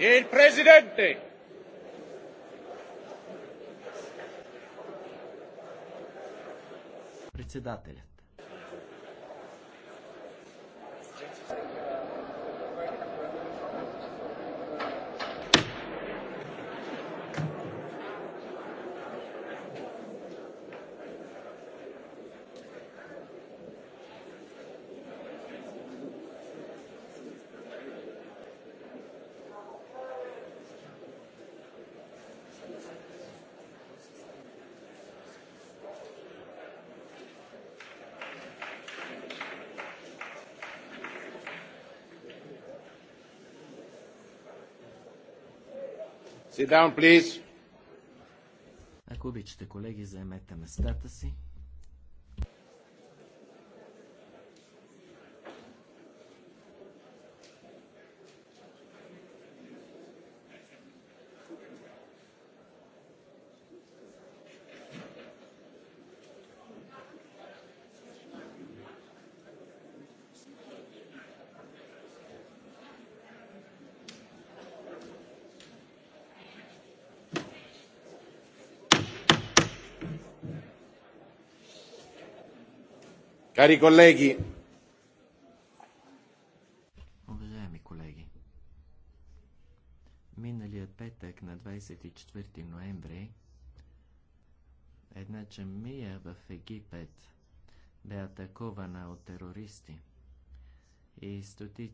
il Presidente! Председателят Sit down, please. Ако обичате, колеги, заемете местата си. Cari colleghi, Уважаеми колеги, миналият петък на 24 ноември една джамия в Египет бе атакувана от терористи и стотици